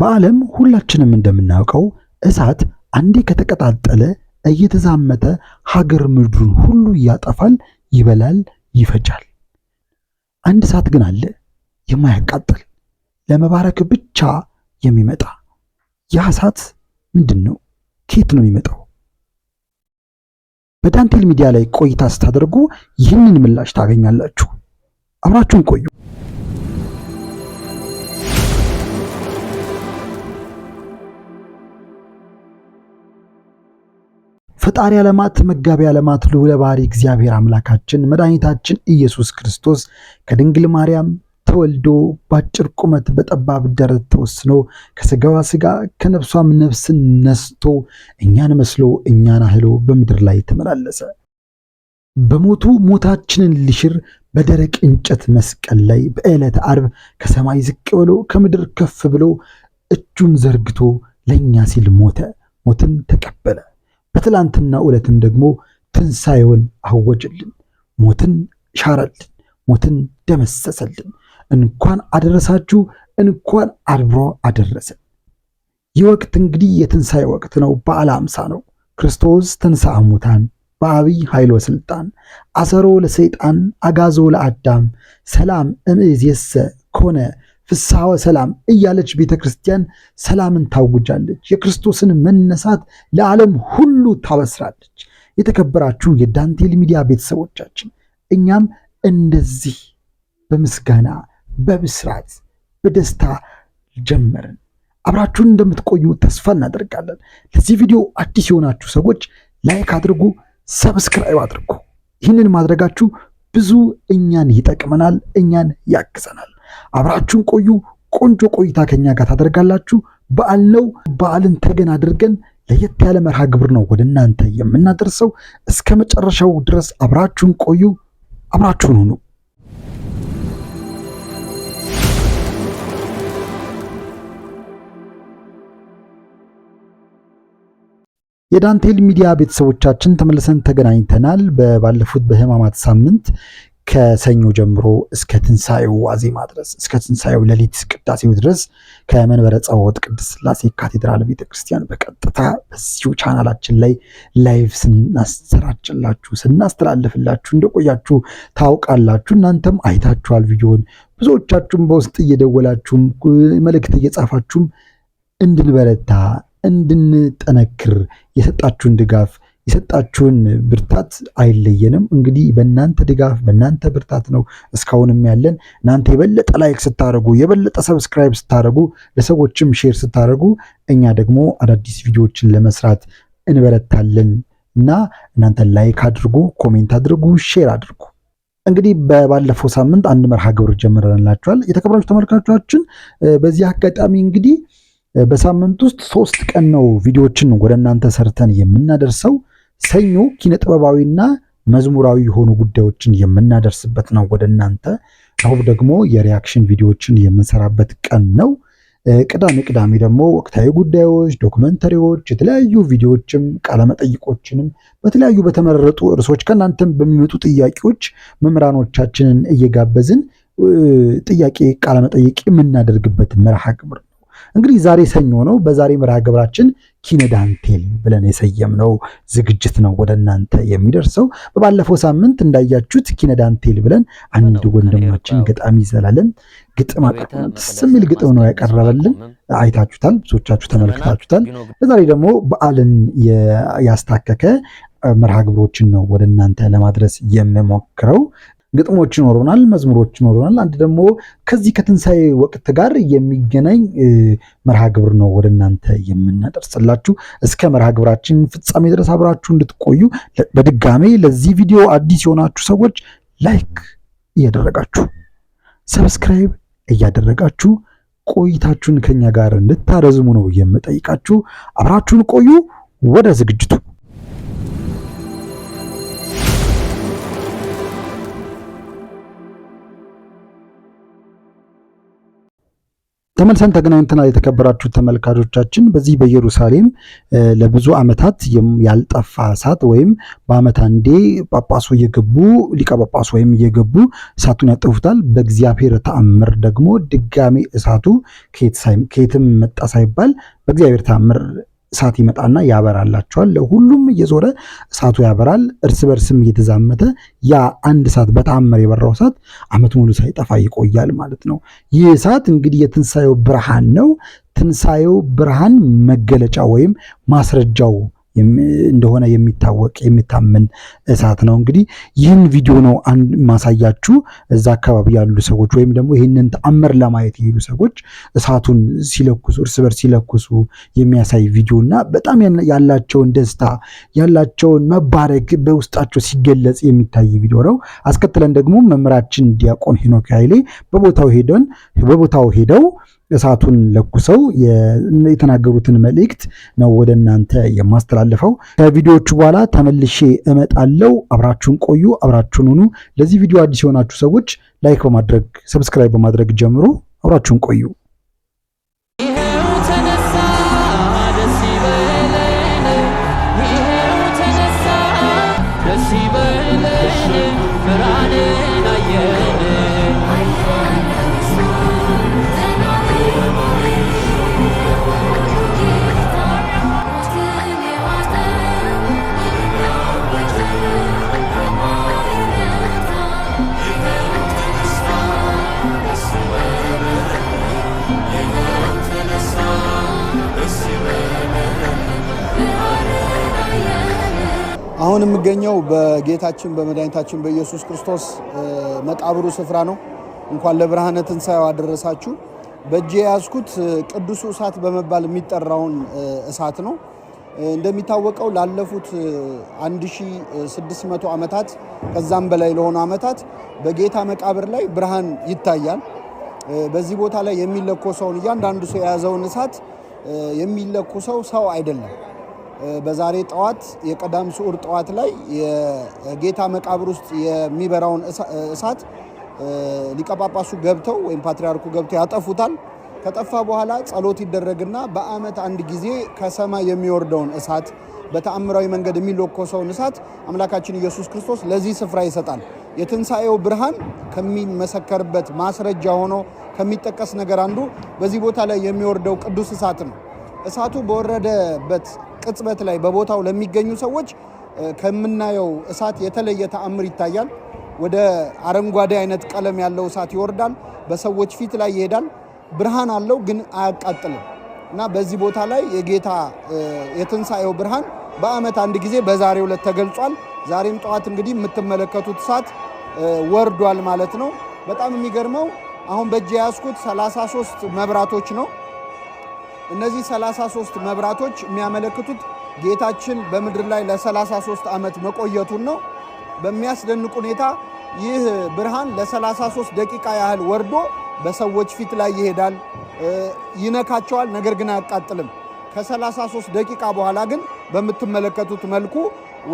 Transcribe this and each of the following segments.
በዓለም ሁላችንም እንደምናውቀው እሳት አንዴ ከተቀጣጠለ እየተዛመተ ሀገር ምድሩን ሁሉ ያጠፋል፣ ይበላል፣ ይፈጫል። አንድ እሳት ግን አለ፣ የማያቃጥል ለመባረክ ብቻ የሚመጣ። ያ እሳት ምንድን ነው? ከየት ነው የሚመጣው? በዳንቴል ሚዲያ ላይ ቆይታ ስታደርጉ ይህንን ምላሽ ታገኛላችሁ። አብራችሁን ቆዩ። ፈጣሪ ዓለማት መጋቢ ዓለማት ልዑለ ባሕሪ እግዚአብሔር አምላካችን መድኃኒታችን ኢየሱስ ክርስቶስ ከድንግል ማርያም ተወልዶ በአጭር ቁመት በጠባብ ደረት ተወስኖ ከስጋዋ ስጋ ከነፍሷም ነፍስን ነስቶ እኛን መስሎ እኛን አህሎ በምድር ላይ ተመላለሰ። በሞቱ ሞታችንን ሊሽር በደረቅ እንጨት መስቀል ላይ በዕለተ ዓርብ ከሰማይ ዝቅ ብሎ ከምድር ከፍ ብሎ እጁን ዘርግቶ ለእኛ ሲል ሞተ፣ ሞትን ተቀበለ። በትላንትና ዕለትም ደግሞ ትንሣኤውን አወጀልን፣ ሞትን ሻረልን፣ ሞትን ደመሰሰልን። እንኳን አደረሳችሁ፣ እንኳን አብሮ አደረሰን። ይህ ወቅት እንግዲህ የትንሣኤ ወቅት ነው። በዓለ ሃምሳ ነው። ክርስቶስ ተንሥአ እሙታን በአብይ ኃይል ወሥልጣን አሰሮ ለሰይጣን አጋዞ ለአዳም ሰላም እምይእዜሰ ኮነ ፍስሐ ወሰላም እያለች ቤተ ክርስቲያን ሰላምን ታውጃለች። የክርስቶስን መነሳት ለዓለም ሁሉ ታበስራለች። የተከበራችሁ የዳንቴል ሚዲያ ቤተሰቦቻችን እኛም እንደዚህ በምስጋና በብስራት በደስታ ጀመርን። አብራችሁን እንደምትቆዩ ተስፋ እናደርጋለን። ለዚህ ቪዲዮ አዲስ የሆናችሁ ሰዎች ላይክ አድርጉ፣ ሰብስክራይብ አድርጉ። ይህንን ማድረጋችሁ ብዙ እኛን ይጠቅመናል፣ እኛን ያግዘናል። አብራችሁን ቆዩ። ቆንጆ ቆይታ ከኛ ጋር ታደርጋላችሁ። በዓል ነው። በዓልን ተገን አድርገን ለየት ያለ መርሃ ግብር ነው ወደ እናንተ የምናደርሰው። እስከ መጨረሻው ድረስ አብራችሁን ቆዩ፣ አብራችሁን ሁኑ። የዳንቴል ሚዲያ ቤተሰቦቻችን ተመልሰን ተገናኝተናል። ባለፉት በህማማት ሳምንት ከሰኞ ጀምሮ እስከ ትንሣኤው ዋዜማ ድረስ እስከ ትንሣኤው ሌሊት ቅዳሴው ድረስ ከመንበረ ጸባዖት ቅድስት ሥላሴ ካቴድራል ቤተክርስቲያን በቀጥታ በዚሁ ቻናላችን ላይ ላይቭ ስናሰራጭላችሁ ስናስተላልፍላችሁ እንደቆያችሁ ታውቃላችሁ። እናንተም አይታችኋል ቪዲዮን። ብዙዎቻችሁም በውስጥ እየደወላችሁም መልእክት እየጻፋችሁም እንድንበረታ እንድንጠነክር የሰጣችሁን ድጋፍ የሰጣችሁን ብርታት አይለየንም። እንግዲህ በእናንተ ድጋፍ በእናንተ ብርታት ነው እስካሁንም ያለን። እናንተ የበለጠ ላይክ ስታደርጉ፣ የበለጠ ሰብስክራይብ ስታደርጉ፣ ለሰዎችም ሼር ስታደርጉ እኛ ደግሞ አዳዲስ ቪዲዮዎችን ለመስራት እንበረታለን እና እናንተ ላይክ አድርጉ፣ ኮሜንት አድርጉ፣ ሼር አድርጉ። እንግዲህ በባለፈው ሳምንት አንድ መርሃ ግብር ጀምረንላችኋል። የተከበራችሁ ተመልካቾቻችን በዚህ አጋጣሚ እንግዲህ በሳምንት ውስጥ ሶስት ቀን ነው ቪዲዮዎችን ወደ እናንተ ሰርተን የምናደርሰው። ሰኞ ኪነጥበባዊና መዝሙራዊ የሆኑ ጉዳዮችን የምናደርስበት ነው ወደ እናንተ። አሁን ደግሞ የሪያክሽን ቪዲዮዎችን የምንሰራበት ቀን ነው። ቅዳሜ ቅዳሜ ደግሞ ወቅታዊ ጉዳዮች፣ ዶክመንተሪዎች፣ የተለያዩ ቪዲዮዎችም ቃለመጠይቆችንም በተለያዩ በተመረጡ እርሶች ከእናንተም በሚመጡ ጥያቄዎች መምህራኖቻችንን እየጋበዝን ጥያቄ ቃለመጠይቅ የምናደርግበት መርሃ ግብር እንግዲህ ዛሬ ሰኞ ነው። በዛሬ መርሃ ግብራችን ኪነዳንቴል ብለን የሰየምነው ዝግጅት ነው ወደ እናንተ የሚደርሰው። በባለፈው ሳምንት እንዳያችሁት ኪነዳንቴል ብለን አንድ ወንድማችን ገጣሚ ይዘላለን ግጥም ደስ የሚል ግጥም ነው ያቀረበልን። አይታችሁታል፣ ብዙዎቻችሁ ተመልክታችሁታል። በዛሬ ደግሞ በዓልን ያስታከከ መርሃ ግብሮችን ነው ወደ እናንተ ለማድረስ የምሞክረው። ግጥሞች ይኖሩናል፣ መዝሙሮች ይኖሩናል። አንድ ደግሞ ከዚህ ከትንሣኤ ወቅት ጋር የሚገናኝ መርሃ ግብር ነው ወደ እናንተ የምናደርስላችሁ። እስከ መርሃ ግብራችን ፍጻሜ ድረስ አብራችሁ እንድትቆዩ በድጋሜ ለዚህ ቪዲዮ አዲስ የሆናችሁ ሰዎች ላይክ እያደረጋችሁ ሰብስክራይብ እያደረጋችሁ ቆይታችሁን ከኛ ጋር እንድታረዝሙ ነው የምጠይቃችሁ። አብራችሁን ቆዩ። ወደ ዝግጅቱ ተመልሰን ተገናኝተናል። የተከበራችሁ ተመልካቾቻችን በዚህ በኢየሩሳሌም ለብዙ ዓመታት ያልጠፋ እሳት ወይም በዓመት አንዴ ጳጳሱ እየገቡ ሊቀ ጳጳሱ ወይም እየገቡ እሳቱን ያጠፉታል። በእግዚአብሔር ተአምር ደግሞ ድጋሚ እሳቱ ከየትም መጣ ሳይባል በእግዚአብሔር ተአምር እሳት ይመጣና ያበራላቸዋል። ለሁሉም እየዞረ እሳቱ ያበራል። እርስ በርስም እየተዛመተ ያ አንድ እሳት በተአምር የበራው እሳት ዓመት ሙሉ ሳይጠፋ ይቆያል ማለት ነው። ይህ እሳት እንግዲህ የትንሣኤው ብርሃን ነው። ትንሣኤው ብርሃን መገለጫ ወይም ማስረጃው እንደሆነ የሚታወቅ የሚታመን እሳት ነው። እንግዲህ ይህን ቪዲዮ ነው ማሳያችሁ። እዛ አካባቢ ያሉ ሰዎች ወይም ደግሞ ይህንን ተአምር ለማየት የሄዱ ሰዎች እሳቱን ሲለኩሱ፣ እርስ በርስ ሲለኩሱ የሚያሳይ ቪዲዮ እና በጣም ያላቸውን ደስታ ያላቸውን መባረክ በውስጣቸው ሲገለጽ የሚታይ ቪዲዮ ነው። አስከትለን ደግሞ መምህራችን ዲያቆን ሄኖክ ኃይሌ በቦታው ሄደን በቦታው ሄደው እሳቱን ለኩሰው የተናገሩትን መልእክት ነው ወደ እናንተ የማስተላልፈው። ከቪዲዮዎቹ በኋላ ተመልሼ እመጣለው። አብራችሁን ቆዩ፣ አብራችሁን ሁኑ። ለዚህ ቪዲዮ አዲስ የሆናችሁ ሰዎች ላይክ በማድረግ ሰብስክራይብ በማድረግ ጀምሮ አብራችሁን ቆዩ። አሁን የምገኘው በጌታችን በመድኃኒታችን በኢየሱስ ክርስቶስ መቃብሩ ስፍራ ነው። እንኳን ለብርሃነ ትንሣኤው አደረሳችሁ። በእጄ የያዝኩት ቅዱሱ እሳት በመባል የሚጠራውን እሳት ነው። እንደሚታወቀው ላለፉት 1600 ዓመታት ከዛም በላይ ለሆኑ ዓመታት በጌታ መቃብር ላይ ብርሃን ይታያል። በዚህ ቦታ ላይ የሚለኮ ሰውን እያንዳንዱ ሰው የያዘውን እሳት ሰው ሰው አይደለም በዛሬ ጠዋት የቀዳም ስዑር ጠዋት ላይ የጌታ መቃብር ውስጥ የሚበራውን እሳት ሊቀጳጳሱ ገብተው ወይም ፓትሪያርኩ ገብተው ያጠፉታል። ከጠፋ በኋላ ጸሎት ይደረግና በዓመት አንድ ጊዜ ከሰማይ የሚወርደውን እሳት በተአምራዊ መንገድ የሚለኮሰውን እሳት አምላካችን ኢየሱስ ክርስቶስ ለዚህ ስፍራ ይሰጣል። የትንሣኤው ብርሃን ከሚመሰከርበት ማስረጃ ሆኖ ከሚጠቀስ ነገር አንዱ በዚህ ቦታ ላይ የሚወርደው ቅዱስ እሳት ነው። እሳቱ በወረደበት ቅጽበት ላይ በቦታው ለሚገኙ ሰዎች ከምናየው እሳት የተለየ ተአምር ይታያል። ወደ አረንጓዴ አይነት ቀለም ያለው እሳት ይወርዳል፣ በሰዎች ፊት ላይ ይሄዳል። ብርሃን አለው ግን አያቃጥልም እና በዚህ ቦታ ላይ የጌታ የትንሣኤው ብርሃን በዓመት አንድ ጊዜ በዛሬው ዕለት ተገልጿል። ዛሬም ጠዋት እንግዲህ የምትመለከቱት እሳት ወርዷል ማለት ነው። በጣም የሚገርመው አሁን በእጅ የያዝኩት 33 መብራቶች ነው። እነዚህ 33 መብራቶች የሚያመለክቱት ጌታችን በምድር ላይ ለ33 ዓመት መቆየቱን ነው። በሚያስደንቅ ሁኔታ ይህ ብርሃን ለ33 ደቂቃ ያህል ወርዶ በሰዎች ፊት ላይ ይሄዳል፣ ይነካቸዋል፣ ነገር ግን አያቃጥልም። ከ33 ደቂቃ በኋላ ግን በምትመለከቱት መልኩ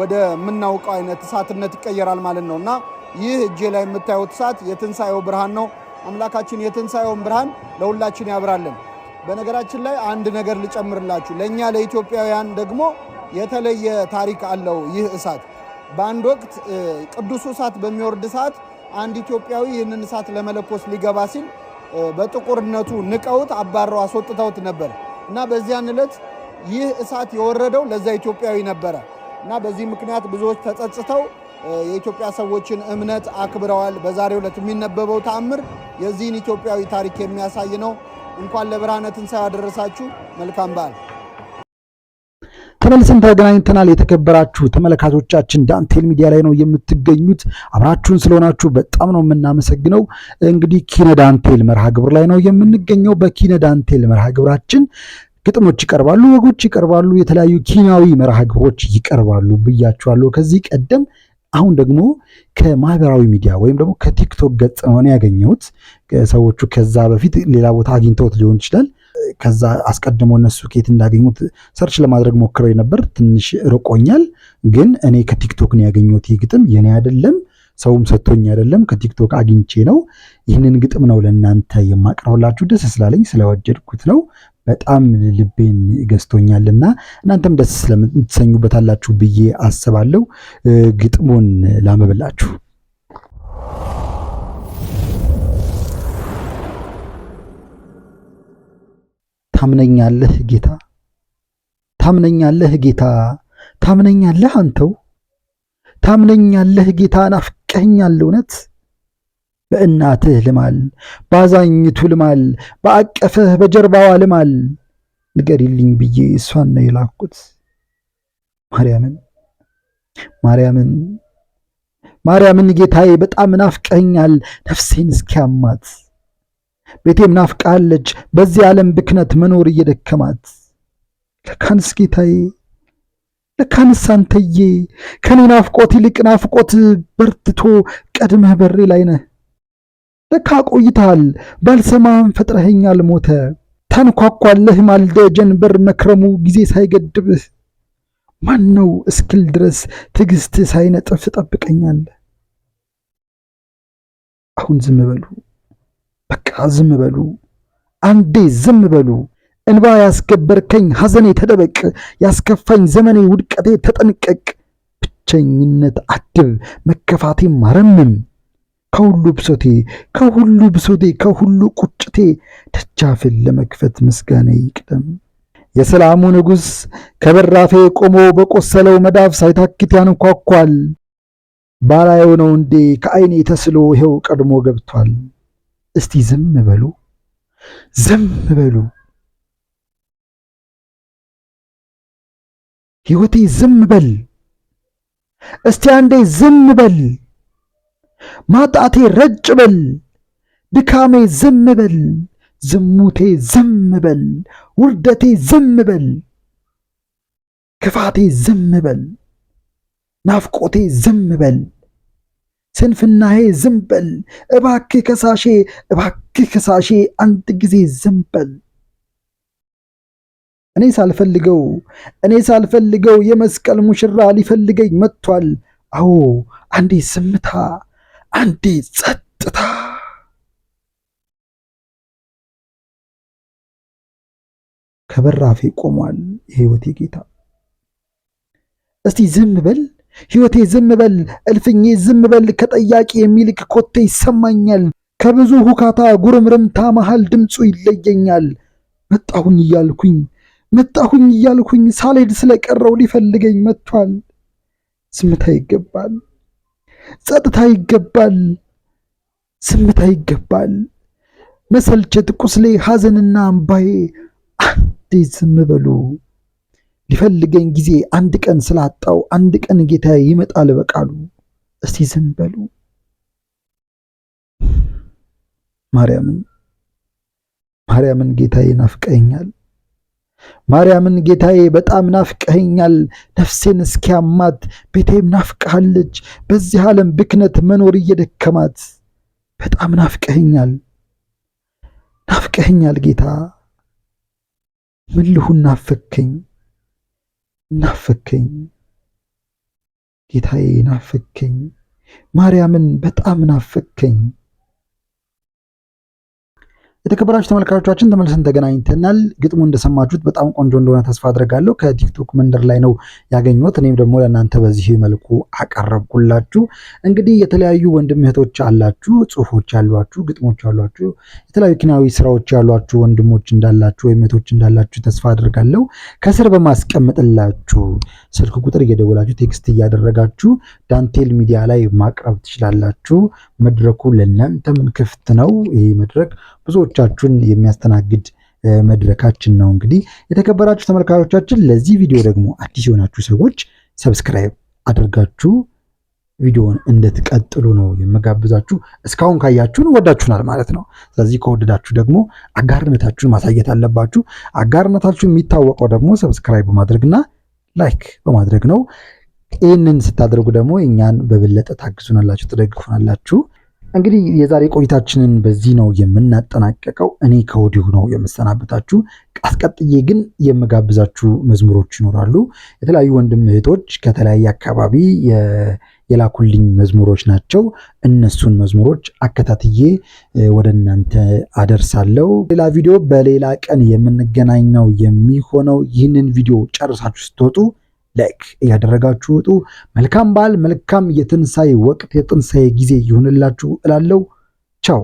ወደ ምናውቀው አይነት እሳትነት ይቀየራል ማለት ነው እና ይህ እጄ ላይ የምታዩት እሳት የትንሣኤው ብርሃን ነው። አምላካችን የትንሣኤውን ብርሃን ለሁላችን ያብራለን። በነገራችን ላይ አንድ ነገር ልጨምርላችሁ። ለእኛ ለኢትዮጵያውያን ደግሞ የተለየ ታሪክ አለው ይህ እሳት። በአንድ ወቅት ቅዱሱ እሳት በሚወርድ ሰዓት አንድ ኢትዮጵያዊ ይህንን እሳት ለመለኮስ ሊገባ ሲል በጥቁርነቱ ንቀውት አባረው አስወጥተውት ነበር እና በዚያን ዕለት ይህ እሳት የወረደው ለዛ ኢትዮጵያዊ ነበረ እና በዚህ ምክንያት ብዙዎች ተጸጽተው የኢትዮጵያ ሰዎችን እምነት አክብረዋል። በዛሬው ዕለት የሚነበበው ተአምር የዚህን ኢትዮጵያዊ ታሪክ የሚያሳይ ነው። እንኳን ለብርሃነ ትንሣኤ መልካም በዓል። ተመልሰን ተገናኝተናል። የተከበራችሁ ተመልካቾቻችን ዳንቴል ሚዲያ ላይ ነው የምትገኙት። አብራችሁን ስለሆናችሁ በጣም ነው የምናመሰግነው። እንግዲህ ኪነ ዳንቴል መርሃ ግብር ላይ ነው የምንገኘው። በኪነ ዳንቴል መርሃ ግብራችን ግጥሞች ይቀርባሉ፣ ወጎች ይቀርባሉ፣ የተለያዩ ኪናዊ መርሃ ግብሮች ይቀርባሉ ብያችኋለሁ ከዚህ ቀደም አሁን ደግሞ ከማህበራዊ ሚዲያ ወይም ደግሞ ከቲክቶክ ገጽ ነው ያገኘሁት። ሰዎቹ ከዛ በፊት ሌላ ቦታ አግኝተውት ሊሆን ይችላል። ከዛ አስቀድሞ እነሱ ኬት እንዳገኙት ሰርች ለማድረግ ሞክረው ነበር። ትንሽ ርቆኛል፣ ግን እኔ ከቲክቶክ ነው ያገኘሁት። ይህ ግጥም የኔ አይደለም፣ ሰውም ሰጥቶኝ አይደለም፣ ከቲክቶክ አግኝቼ ነው። ይህንን ግጥም ነው ለእናንተ የማቀርብላችሁ። ደስ ስላለኝ ስለወደድኩት ነው። በጣም ልቤን ገዝቶኛልና እናንተም ደስ ስለምትሰኙበታላችሁ ብዬ አስባለሁ። ግጥሙን ላመብላችሁ። ታምነኛለህ ጌታ ታምነኛለህ ጌታ ታምነኛለህ አንተው ታምነኛለህ ጌታ ናፍቀኸኛል እውነት በእናትህ ልማል፣ በአዛኝቱ ልማል፣ በአቀፈህ በጀርባዋ ልማል፣ ንገሪልኝ ብዬ እሷን ነው የላኩት። ማርያምን ማርያምን ማርያምን ጌታዬ በጣም ናፍቀኛል፣ ነፍሴን እስኪያማት ቤቴም ናፍቃለች፣ በዚህ ዓለም ብክነት መኖር እየደከማት። ለካንስ ጌታዬ ለካንስ አንተዬ ከኔ ናፍቆት ይልቅ ናፍቆት በርትቶ ቀድመህ በሬ ላይ ነህ። ለካ ቆይታል ባልሰማም ፈጥረኸኛል ሞተ ታንኳኳለህ ማልደ ጀንበር መክረሙ ጊዜ ሳይገድብህ ማን ነው እስክል ድረስ ትዕግስት ሳይነጥፍ ጠብቀኛል። አሁን ዝም በሉ በቃ ዝም በሉ አንዴ ዝም በሉ። እንባ ያስገበርከኝ ሐዘኔ ተደበቅ፣ ያስከፋኝ ዘመኔ ውድቀቴ ተጠንቀቅ። ብቸኝነት አድብ መከፋቴም አረምም ከሁሉ ብሶቴ ከሁሉ ብሶቴ ከሁሉ ቁጭቴ ደጃፍን ለመክፈት ምስጋና ይቅደም። የሰላሙ ንጉሥ ከበራፌ ቆሞ በቆሰለው መዳፍ ሳይታክት ያንኳኳል። ባላየው ነው እንዴ ከአይኔ ተስሎ ይኸው ቀድሞ ገብቷል። እስቲ ዝም በሉ ዝም በሉ ሕይወቴ ዝም በል እስቲ አንዴ ዝም በል ማጣቴ ረጭ በል፣ ድካሜ ዝም በል፣ ዝሙቴ ዝም በል፣ ውርደቴ ዝም በል፣ ክፋቴ ዝም በል፣ ናፍቆቴ ዝም በል፣ ስንፍናዬ ዝም በል፣ እባክህ ከሳሼ፣ እባክህ ከሳሼ አንድ ጊዜ ዝም በል። እኔ ሳልፈልገው እኔ ሳልፈልገው የመስቀል ሙሽራ ሊፈልገኝ መጥቷል። አዎ አንዴ ዝምታ አንዲት ጸጥታ ከበራፌ ቆሟል የህይወቴ ጌታ። እስቲ ዝም በል ህይወቴ፣ ዝም በል እልፍኜ፣ ዝም በል ከጠያቂ የሚልክ ኮቴ ይሰማኛል። ከብዙ ሁካታ ጉርምርምታ መሃል ድምፁ ይለየኛል። መጣሁኝ እያልኩኝ መጣሁኝ እያልኩኝ ሳልሄድ ስለቀረው ሊፈልገኝ መጥቷል። ዝምታ ይገባል። ጸጥታ ይገባል፣ ዝምታ ይገባል። መሰልቸት፣ ቁስሌ፣ ሐዘንና አምባዬ አንዴ ዝም በሉ። ሊፈልገኝ ጊዜ አንድ ቀን ስላጣው አንድ ቀን ጌታ ይመጣል በቃሉ። እስቲ ዝም በሉ። ማርያምን ማርያምን ጌታዬ ናፍቀኛል። ማርያምን ጌታዬ በጣም ናፍቀኸኛል፣ ነፍሴን እስኪያማት ቤቴም ናፍቀሃለች፣ በዚህ ዓለም ብክነት መኖር እየደከማት በጣም ናፍቀኸኛል፣ ናፍቀኸኛል ጌታ ምን ልሁን ናፈከኝ፣ ናፈከኝ ጌታዬ ናፈከኝ፣ ማርያምን በጣም ናፈከኝ። የተከበራችሁ ተመልካቾቻችን ተመልሰን ተገናኝተናል። ግጥሙ እንደሰማችሁት በጣም ቆንጆ እንደሆነ ተስፋ አድርጋለሁ። ከቲክቶክ መንደር ላይ ነው ያገኘሁት። እኔም ደግሞ ለእናንተ በዚህ መልኩ አቀረብኩላችሁ። እንግዲህ የተለያዩ ወንድም እህቶች አላችሁ፣ ጽሁፎች ያሏችሁ፣ ግጥሞች ያሏችሁ፣ የተለያዩ ኪናዊ ስራዎች ያሏችሁ ወንድሞች እንዳላችሁ ወይም እህቶች እንዳላችሁ ተስፋ አድርጋለሁ። ከስር በማስቀምጥላችሁ ስልክ ቁጥር እየደወላችሁ ቴክስት እያደረጋችሁ ዳንቴል ሚዲያ ላይ ማቅረብ ትችላላችሁ። መድረኩ ምን ክፍት ነው። ይህ መድረክ ብዙዎቻችሁን የሚያስተናግድ መድረካችን ነው። እንግዲህ የተከበራችሁ ተመልካቾቻችን፣ ለዚህ ቪዲዮ ደግሞ አዲስ የሆናችሁ ሰዎች ሰብስክራይብ አድርጋችሁ ቪዲዮውን እንድትቀጥሉ ነው የምጋብዛችሁ። እስካሁን ካያችሁን ወዳችሁናል ማለት ነው። ስለዚህ ከወደዳችሁ ደግሞ አጋርነታችሁን ማሳየት አለባችሁ። አጋርነታችሁ የሚታወቀው ደግሞ ሰብስክራይብ በማድረግና ላይክ በማድረግ ነው። ይህንን ስታደርጉ ደግሞ እኛን በበለጠ ታግዙናላችሁ፣ ትደግፉናላችሁ። እንግዲህ የዛሬ ቆይታችንን በዚህ ነው የምናጠናቀቀው። እኔ ከወዲሁ ነው የምሰናበታችሁ። አስቀጥዬ ግን የምጋብዛችሁ መዝሙሮች ይኖራሉ። የተለያዩ ወንድም እህቶች ከተለያየ አካባቢ የላኩልኝ መዝሙሮች ናቸው። እነሱን መዝሙሮች አከታትዬ ወደ እናንተ አደርሳለሁ። ሌላ ቪዲዮ በሌላ ቀን የምንገናኝ ነው የሚሆነው። ይህንን ቪዲዮ ጨርሳችሁ ስትወጡ ላይክ እያደረጋችሁ ውጡ። መልካም በዓል፣ መልካም የትንሣኤ ወቅት የትንሣኤ ጊዜ ይሁንላችሁ እላለሁ። ቻው።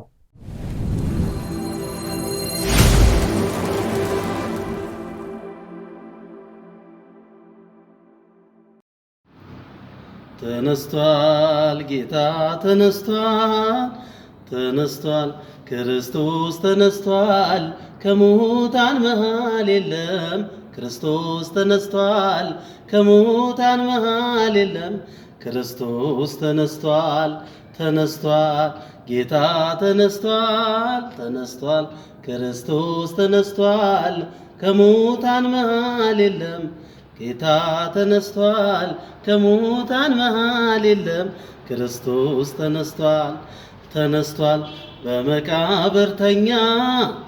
ተነስቷል፣ ጌታ ተነስቷል፣ ተነስቷል፣ ክርስቶስ ተነስቷል። ከሙታን መሃል የለም ክርስቶስ ተነስቷል፣ ከሙታን መሃል የለም። ክርስቶስ ተነስቷል፣ ተነስቷል፣ ጌታ ተነስቷል፣ ተነስቷል። ክርስቶስ ተነስቷል፣ ከሙታን መሃል የለም። ጌታ ተነስቷል፣ ከሙታን መሃል የለም። ክርስቶስ ተነስቷል፣ ተነስቷል ተኛ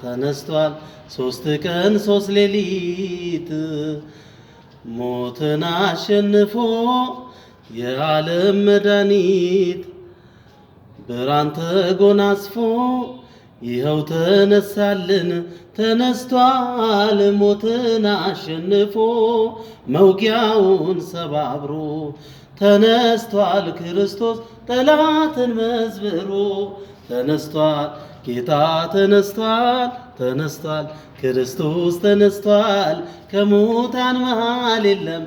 ተነስቷል ሶስት ቀን ሶስት ሌሊት ሞትን አሸንፎ የዓለም መድኃኒት ብርሃን ተጎናጽፎ ይኸው ተነሳልን ተነስቷል ሞትን አሸንፎ መውጊያውን ሰባብሮ ተነስቷል ክርስቶስ ጠላትን መዝብሮ ተነስቷል፣ ጌታ ተነስቷል፣ ተነስቷል፣ ክርስቶስ ተነስቷል፣ ከሙታን መሃል የለም።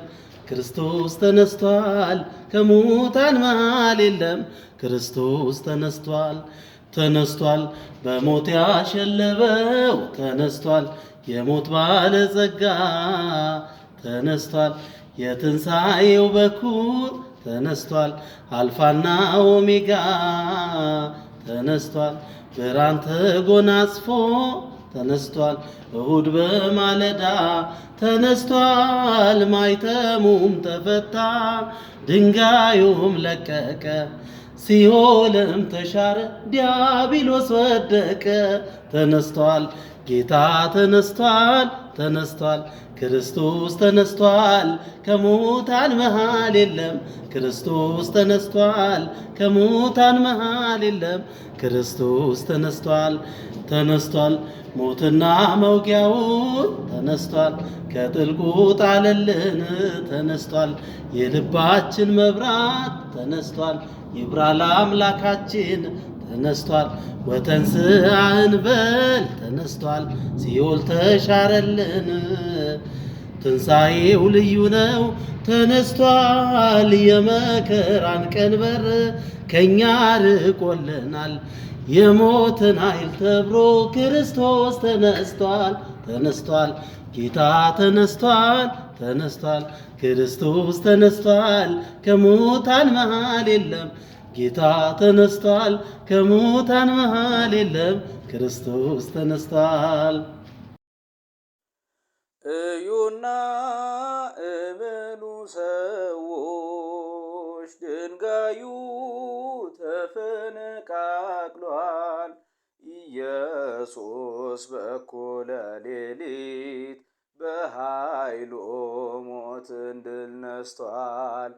ክርስቶስ ተነስቷል፣ ከሙታን መሃል የለም። ክርስቶስ ተነስቷል፣ ተነስቷል፣ በሞት ያሸለበው ተነስቷል፣ የሞት ባለጸጋ ተነስቷል፣ የትንሣኤው በኩር ተነስቷል፣ አልፋና ኦሜጋ ተነስቷል። ብርሃን ተጎናጽፎ ተነስቷል። እሁድ በማለዳ ተነስቷል። ማይተሙም ተፈታ፣ ድንጋዩም ለቀቀ፣ ሲኦልም ተሻረ፣ ዲያብሎስ ወደቀ። ተነስቷል ጌታ ተነስቷል ተነስቷል ክርስቶስ ተነስቷል ከሙታን መሃል የለም። ክርስቶስ ተነስቷል ከሙታን መሃል የለም። ክርስቶስ ተነስቷል ተነስቷል ሞትና መውጊያውን ተነስቷል ከጥልቁ ጣለልን ተነስቷል የልባችን መብራት ተነስቷል ይብራ አምላካችን ተነስቷል ወተንሥአ እንበል ተነስቷል ሲኦል ተሻረልን ትንሣኤው ልዩ ነው፣ ተነስቷል። የመከራን ቀንበር ከእኛ ርቆልናል። የሞትን ኃይል ተብሮ ክርስቶስ ተነስቷል፣ ተነስቷል። ጌታ ተነስቷል፣ ተነስቷል። ክርስቶስ ተነስቷል፣ ከሙታን መሃል የለም። ጌታ ተነስቷል፣ ከሙታን መሃል የለም። ክርስቶስ ተነስቷል። እዩና እመኑ ሰዎች ድንጋዩ ተፈነቃቅሏል። ኢየሱስ በእኩለ ሌሊት በኃይሉ ሞትን ድል ነስቷል።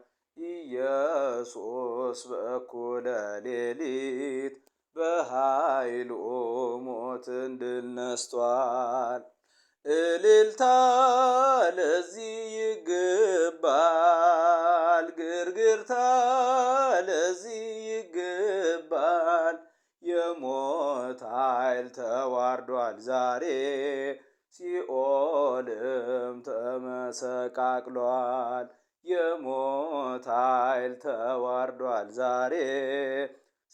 ኢየሱስ በእኩለ ሌሊት በኃይሉ ሞትን ድል ነስቷል። እልልታ ለዚህ ይገባል፣ ግርግርታ ለዚህ ይገባል። የሞት ኃይል ተዋርዷል ዛሬ፣ ሲኦልም ተመሰቃቅሏል። የሞት ኃይል ተዋርዷል ዛሬ፣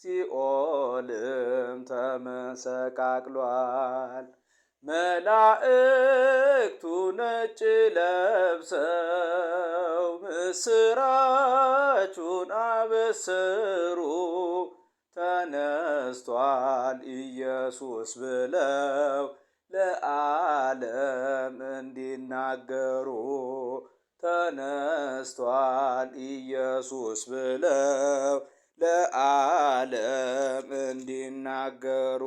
ሲኦልም ተመሰቃቅሏል። መላእክቱ ነጭ ለብሰው ምስራቹን አበሰሩ ተነስቷል ኢየሱስ ብለው ለዓለም እንዲናገሩ ተነስቷል ኢየሱስ ብለው ለዓለም እንዲናገሩ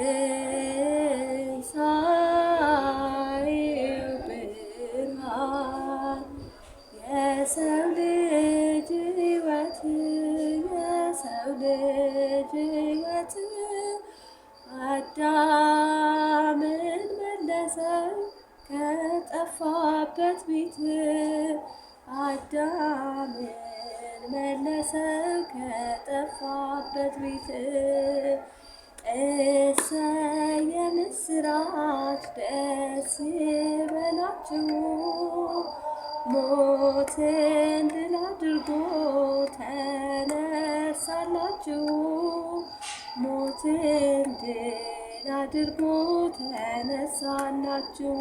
የትንሣኤው ብርሃን የሰው ልጅ ሕይወት የሰው ልጅ ሕይወት አዳምን መለሰው ከጠፋበት ቤት አዳምን መለሰው ከጠፋበት ቤት። እሰይ የምስራች ደስ ይበላችሁ፣ ሞትን ድል አድርጎ ተነሳላችሁ፣ ሞትን ድል አድርጎ ተነሳላችሁ።